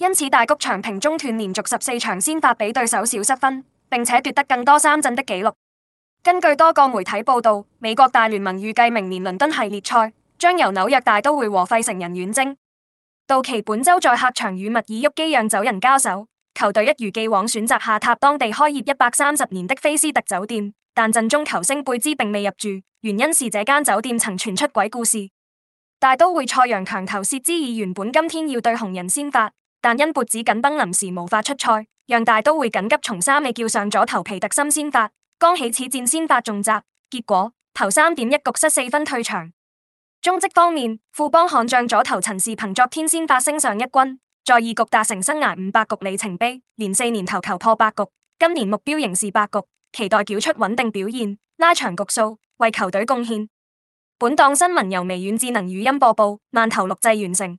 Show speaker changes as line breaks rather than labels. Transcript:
因此，大谷翔平中斷連續十四場先發，比對手少失分，並且奪得更多三振的紀錄。根據多個媒體報道，美國大聯盟預計明年倫敦系列賽將由紐約大都會和費城人遠征。道奇本周在客場與密爾沃基釀酒人交手，球隊一如既往選擇下榻當地開業一百三十年的菲斯特酒店，但陣中球星貝茲並未入住，原因是這間酒店曾傳出鬼故事。大都會太陽強投薛之以原本今天要對紅人先發。但因脖子緊繃，臨時無法出賽，讓大都會緊急從三尾叫上左投皮特森先發，剛起始戰先發中責，結果投三點一局失四分退場。中職方面，富邦悍將左投陳士鵬昨天先發升上一軍，在二局達成生涯五百局里程碑，連四年投球破百局，今年目標仍是百局，期待繳出穩定表現，拉長局數，為球隊貢獻。本檔新聞由微軟智能語音播報，慢投錄製完成。